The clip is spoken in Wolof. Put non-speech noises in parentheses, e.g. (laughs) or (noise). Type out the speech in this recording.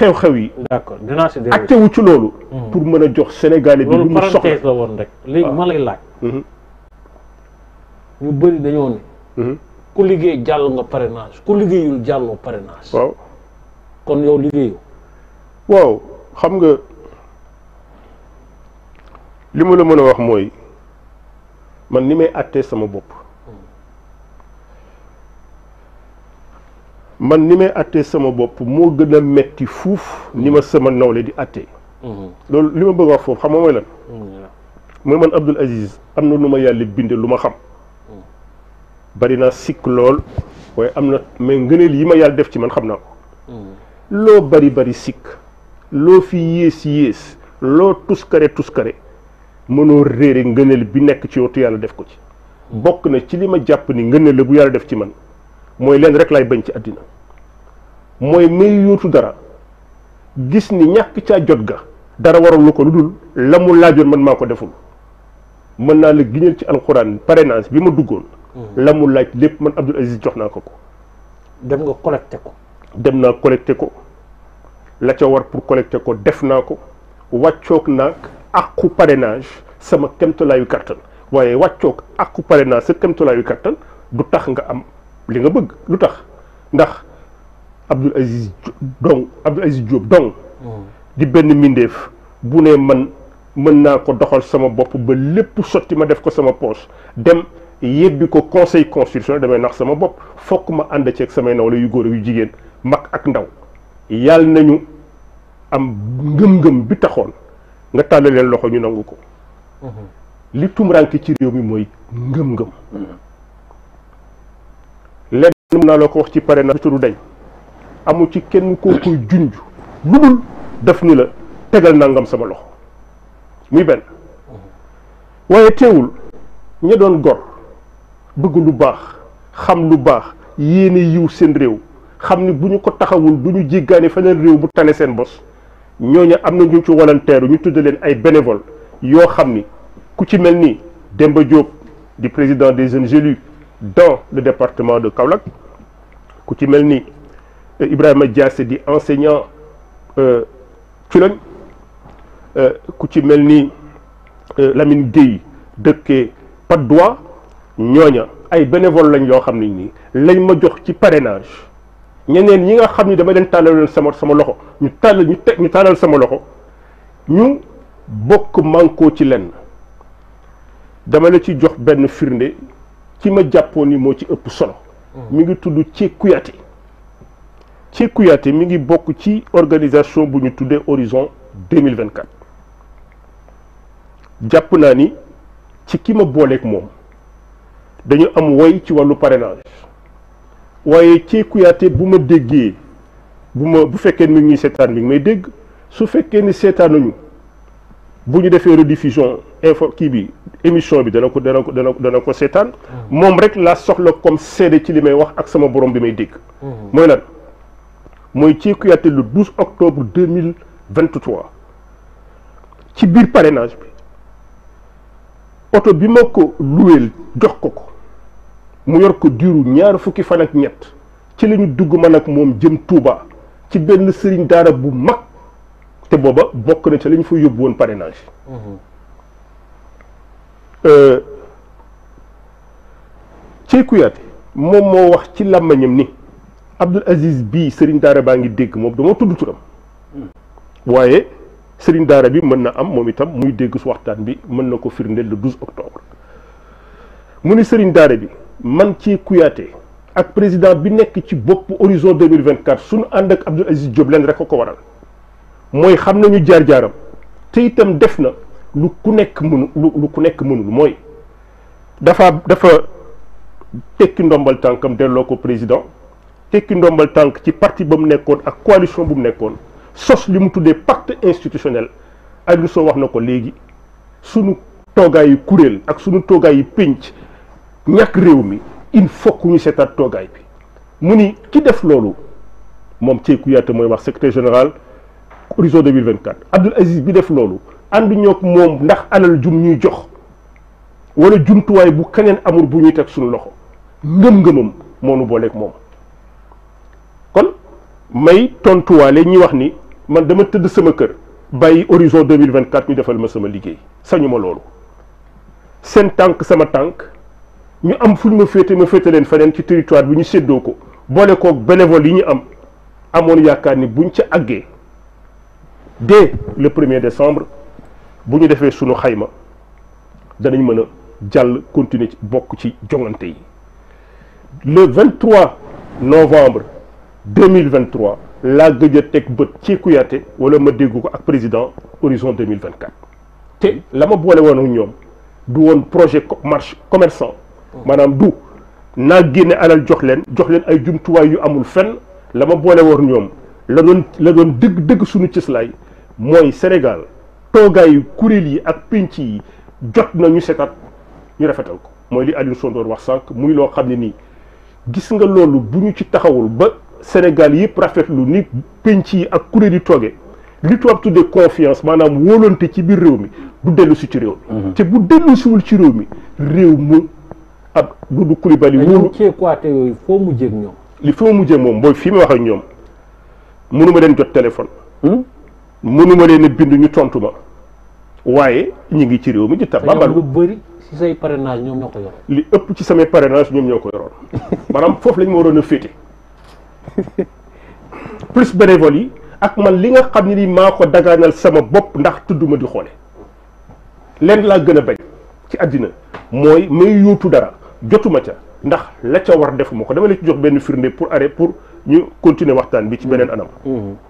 xew-xew yi. d'accord dinaa si déglu wu ci loolu. Hmm. pour mën a jox Sénégalais bi lu mu soxla woon rek. léegi ah. ma lay laaj. Mhm. ñu bëri dañoo ne. Mhm. ku liggéey jàll nga parrainage ku liggéeyul jàlloo parrainage. waaw kon yow liggéeyu. waaw xam nga li ma la mën a wax mooy man ni may àttee sama bopp. man ni may attee sama bopp moo gën a metti fuuf ni ma sama nawle di attee mm-hmm. loolu li ma bëgg wax foofu xam nga mm-hmm, mooy man Abdoul Aziz am na lu ma yàlla bind lu ma xam mm-hmm. bari naa sikk lool waaye am na mais ngëneel yi ma yàlla def ci man xam naa ko loo bari bari sikk loo fi yées yées loo tuskare tuskare mënoo réere ngëneel bi nekk ci yow yàlla def ko ci bokk na ci li ma jàpp ni ngëneel la bu yàlla def ci man mooy leen rek lay bañ ci àddina mooy may yóotu dara gis ni ñàkk caa jot ga dara waral lu ko lu dul la mu laajoon man maa ko deful mën naa la giñal ci alxuraan parrainage bi ma duggoon mm-hmm. la mu laaj lépp man Abdoul Aziz jox naa ko ko dem nga collecté ko dem naa collecté ko la ca war pour collecté ko def naa ko wàccoog naag àqu parrainage sama kemtalaayu kattan waaye wàccoog àqu parrainage sa kemtalaayu kattan du tax nga am li nga bëgg lu tax ndax Abdoul Aziz dong Abdoul Aziz Diop dong hmm. di benn mbindeef bu ne man mën naa ko doxal sama bopp ba lépp sotti ma def ko sama poche dem yebbi ko conseil constitutionnel damay nax sama bopp fokk ma ànd ceek samay nawle yu góor yu jigéen mag ak ndaw yàlla nañu am ngëm-ngëm bi taxoon nga tàllal loxo ñu nangu ko hmm. li tumuraanke ci réew mi mooy ngëm-ngëm hmm. mën naa la ko wax ci parrainage du day amu ci kenn koo koy junj lu dul la tegal nangam sama loxo muy benn waaye teewul ña doon gor bëgg lu baax xam lu baax yéene yiw seen réew xam ni bu ko taxawul du ñu jéggaane feneen réew bu tane seen bos ñoo ña am na ñu ci volontaire ñu tudd leen ay bénévole yoo xam ni ku ci mel ni Demba Diop di président des jeunes élus dans le département de Kaolack ku euh, Ibrahim de enseignant euh, euh... ku ci euh, Lamine Guèye pas Patte Nyonya, de ay bénévole lañ yo xamni ni lañ ma jox ci parrainage ñeneen yi nga dama sama sama loxo ñu ñu ñu sama loxo ñu ci ki ma jàppoon ni moo ci ëpp solo mm. mi ngi tudd ci Kouyaté ci mi ngi bokk ci organisation bu ñu tuddee horizon 2024 jàpp naa ni ci ki ma booleeg moom dañu am woy ci wàllu parrainage waaye ci bu ma déggee bu ma bu fekkee ni mi ngi seetaan mi ngi may dégg su fekkee ni seetaanuñu nous ñu une rediffusion info qui bi émission bi dana ko dana ko dana ko sétane mom rek la soxlo comme cédé ci limay wax ak sama borom bi may dig moy le 12 octobre 2023 ci bir parrainage bi auto bi jox ko ko mu ñaar fukki ci la dugg man ak mom jëm Touba ci ben serigne dara bu mak te booba bokk na ci li ñu fa yóbbu woon parrainage mhm. euh, Cey Kouyaté moom moo wax ci làmmañam ni Abdoul Aziz bi sëriñ Daara baa ngi dégg moom dama tudd turam mhm. waaye Serigne Daara bi mën na am moom itam muy dégg su waxtaan bi mën na ko firndeel le 12 octobre mu ni Serigne Daara bi man ci Kouyaté ak président bi nekk ci bopp horizon 2024 suñu ànd ak Abdoul Aziz Diop leen rek ko ko waral moy xam nañu jaar-jaaram te itam def lu ku lu ku dafa dafa tekki ndombal tànkam delloo ko président tekki ndombal tànk ci parti ba mu nekkoon ak coalition bu mu nekkoon sos li mu tuddee pacte institutionnel sunu toogaayu ak sunu toogaayu mi il faut que ñu seetaat toogaay bi mu ni ki def loolu moom mooy secrétaire général horizon 2024 Abdoul Aziz bi def loolu ànd ñoog moom ndax alal jum ñuy jox wala jumtuwaay bu keneen amul bu ñuy teg suñu loxo ngëm-ngëmam moom nu booleek moom kon may tontuwaale ñi wax ni man dama tëdd sama kër bàyyi horizon 2024 ñu defal ma sama liggéey sañu ma loolu seen tànk sama tànk ñu am fu ñu ma féete ma féete leen feneen ci territoire bi ñu séddoo ko boole koog bénévole yi ñu am amoon yaakaar ni buñ ca àggee dès le 1er décembre bu ñu defee sunu xayma danañ mën j'all jàll continuer bokk ci yi le 23 novembre 2023 la gëj a teg bët ci Kouyaté wala dégg ko ak président horizon 2024 te la ma boole ak ñoom du projet marche commerçant Madame du naa génne alal jox leen jox leen ay jumtuwaay yu amul fenn la ma boole woon la doon la doon dëgg dëgg suñu mooy Sénégal toogaayu kuréel yi ak pénc yi jot na ñu setat ñu rafetal ko mooy li Aliou Sondoor wax sànq muy loo xam ne nii gis nga loolu bu ñu ci taxawul ba Sénégal yëpp rafetlu ni pénc yi ak kuréel yi tooge li tubaab tuddee confiance maanaam wóolante ci biir réew mi du dellu si ci réew mi mhm. te bu dellu siwul ci réew mi réew mu ab Doudou Coulibaly wóolu ceekwaate yooyu foo mujjee ak ñoom li foo mujjee moom mooy fii ma wax ak ñoom mënuma leen jot téléphone hmm? mënuma leen a bind ñu tontu ma waaye ñu ngi ci réew mi di tababalu lu bëri ci say parrainage ñoom ñoo ko yor li ëpp ci samay parrainage ñoom ñoo ko yoroon (laughs) maanaam foofu lañ ma waroon a féete plus bénévole yi ak man li nga xam ne ni maa ko dagaanal sama bopp ndax tudduma di xoole lenn laa gën a bañ ci àddina mooy may yuutu dara jotuma ca ndax la ca war defuma ko dama la ci jox benn firnde pour arrêt pour ñu continuer waxtaan bi ci beneen anam mm-hmm.